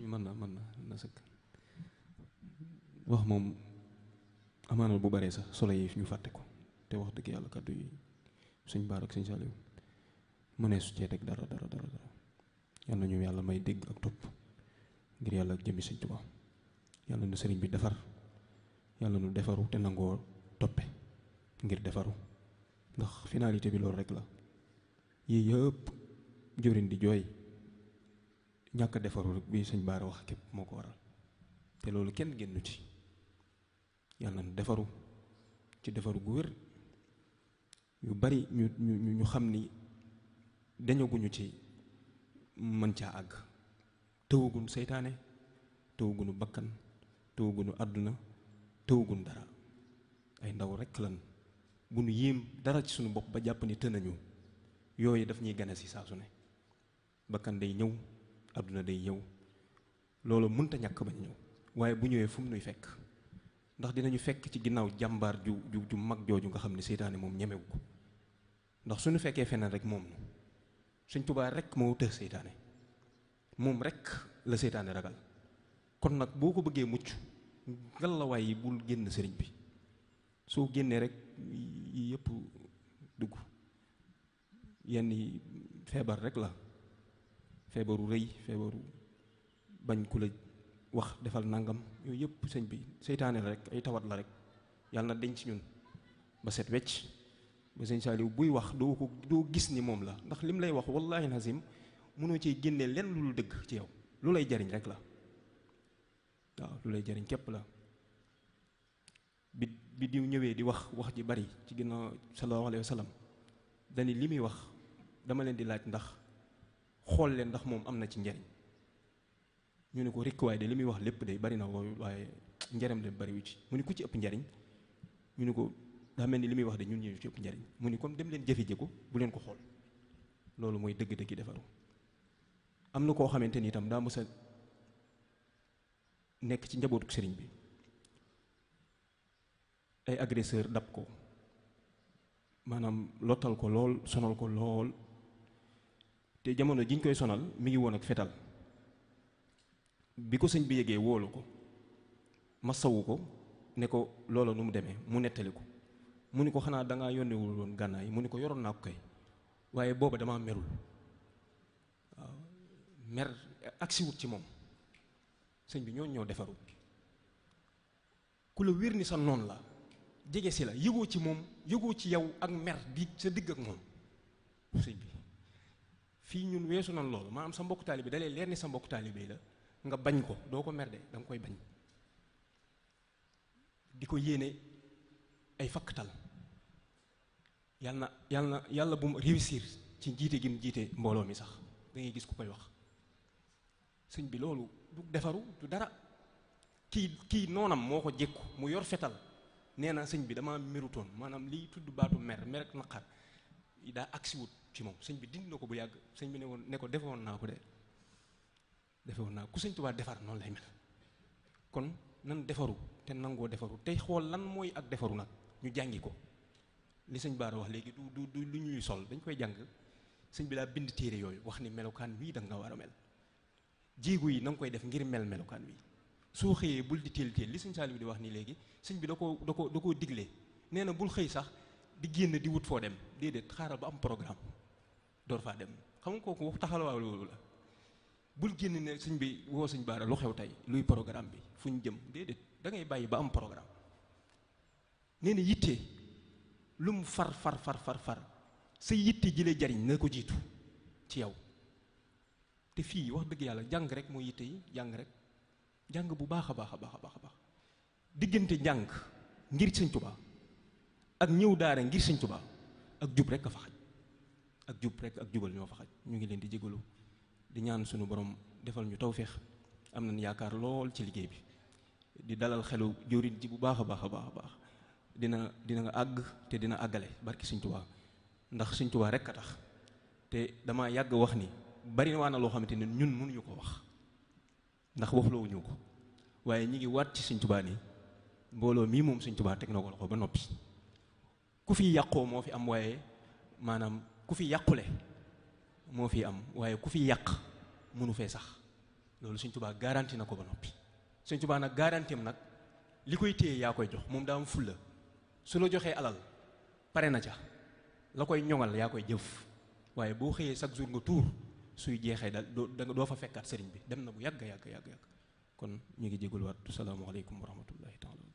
mën na mën na na sëkk wax moom amaanal bu baree sax solo yi ñu fàtte ko te wax dëgg yàlla kàddu yi suñ baar ak suñ saaliw mënee su cee teg dara dara dara dara ñu yàlla may dégg ak topp ngir yàlla ak jëmmi sëñ Tuubaa yàlla nu sëriñ bi defar yàlla nu defaru te nangoo toppe ngir defaru ndax finalité bi loolu rek la yii yëpp jëwriñ di jooy ñàkk a defaru bi sëñ Baara wax képp moo ko waral te loolu kenn génnu ci yàlla na defaru ci defaru gu wér yu bari ñu ñu ñu xam ni dañaguñu ci mën caa àgg tëwaguñu seytaane tëwaguñu bakkan tëwaguñu àdduna tëwaguñu dara ay ndaw rekk lan bu nu yéem dara ci suñu bopp ba jàpp ni nañu yooyu daf ñuy gane si saa ne bakkan day ñëw àdduna day ñëw loolu mënta ñàkk ba ñëw waaye bu ñëwee fu mu nuy fekk ndax dinañu fekk ci ginnaaw jàmbaar ju ju ju mag jooju nga xam ne seytaane moom ñemewu ko ndax su suñu fekkee feneen rek moom suñ tubaa rek moo seytaane moom rek la seytaane ragal kon nag boo ko bëggee mucc ngalawaay yi bul génn sëriñ bi soo génnee rek yi yëpp dugg yenn feebar rek la feebaru rëy feebaru bañ ku la wax defal nangam yooyu yëpp sëñ bi seytaane la rek ay tawat la rek yàlla na denc ci ñun ba set wecc ba sëñ Saaliw buy wax doo ko doo gis ni moom la ndax lim lay wax wallaahi nazim mënoo ci génne lenn lu dëgg ci yow lu lay jariñ rek la waaw lu lay jariñ képp la bi bi diw ñëwee di wax wax ji bari ci ginnaaw sallallahu alayhi wa sallam li muy wax dama leen di laaj ndax xool leen ndax moom am na ci njariñ ñu ne ko rikk waaye de li muy wax lépp de bari na loolu waaye njariñ de bariwu ci mu ni ku ci ëpp njariñ ñu ni ko daa mel ni li muy wax de ñun ñu ci ëpp mu ni comme dem leen jëfe ji ko bu leen ko xool loolu mooy dëgg-dëgg defaru am na koo xamante ni itam daa mës a nekk ci njabootu sëriñ bi ay agresseur dab ko maanaam lottal ko lool sonal ko lool te jamono jiñ koy sonal mi ngi woon ak fetal bi ko sëñ bi yëgee woolu ko ma masawu ko ne ko loola nu mu demee mu nettali ko mu ni ko xanaa danga yónnewul woon gànnaay mu ni ko yoroon naa ko kay waaye booba damaa merul waaw mer agsiwut ci moom sëñ bi ñooñu ñoo defaru ku la wér ni sa noon la jege si la yëgoo ci moom yëgoo ci yow ak mer di sa digg ak moom sëñ bi fii ñun weesu nan loolu maanaam sa mbokku taalibe dalee leer ni sa mbokku taalibe la nga bañ ko doo ko mer da nga koy bañ di ko yéene ay fakkatal yal na yal na yàlla bu mu réussir ci jiite gi mu jiite mbooloo mi sax da gis ku koy wax sëñ bi loolu du defaru du dara kii kii noonam moo ko jékku mu yor fetal nee na sëñ bi dama merutoon maanaam lii tudd baatu mer mer ak naqar daa agsiwut ci moom sëñ bi dindi na ko bu yàgg sëñ bi ne woon ne ko defe woon naa ko de defe woon naa ku sëñ Tuubaa defar noonu lay mel kon nan defaru te nangoo defaru tey xool lan mooy ak defaru nag ñu jàngi ko li sëñ Baara wax léegi du du du lu ñuy sol dañ koy jàng sëñ bi daa bind téere yooyu wax ni melokaan wii da nga war a mel jéego yi na koy def ngir mel melokaan wi soo xëyee bul di teel teel li sëñ Saliou di wax nii léegi sëñ bi da ko da da koo digle nee na bul xëy sax di génn di wut foo dem déedéet xaaral ba am programme door faa dem xam nga kooku wax taxalawaa loolu la bul génn ne suñ bi woo suñ baara lu xew tey luy programme bi fu ñu jëm déedéet da ngay bàyyi ba am programme nee na yitte lu mu far far far far far sa yitte ji jariñ na ko jiitu ci yow te fii wax dëgg yàlla jàng rek mooy yitte yi jàng rek jàng bu baax a baax a baax a baax a baax diggante jàng ngir sëñ Tuubaa ak ñëw daara ngir sëñ Tuubaa ak jub rek a fa xaj ak jub rek ak jubal ñoo fa xaj ñu ngi leen di jégalu di ñaan suñu borom defal ñu tawféex am nañ yaakaar lool ci liggéey bi di dalal xelu jëwriñ ji bu baax a baax a baax a baax dina dina nga àgg te dina àggale barki Sëñ Tuubaa ndax Sëñ Tuubaa rek a tax te dama yàgg wax ni bari waa na loo xamante ne ñun munuñu ko wax ndax waxloowuñu ko waaye ñi ngi waat ci Sëñ Tuubaa ni mbooloo mii moom Sëñ Tuubaa teg na ko loxo ba noppi ku fi yàqoo moo fi am waaye maanaam ku fi yàqule moo fi am waaye ku fi yàq mënu fee sax loolu Sëñ Tuubaa garanti na ko ba noppi Sëñ Tuubaa nag garanti am nag li koy téye yaa koy jox moom daa am fulla su la joxee alal pare na ca la koy ñoŋal yaa koy jëf waaye boo xëyee chaque jour nga tuur suy jeexee daal doo doo fa fekkaat sëriñ bi dem na bu yàgg yàgg yàgg kon ñu ngi jégalu waat salaamu aleykum wa rahmatullahi taala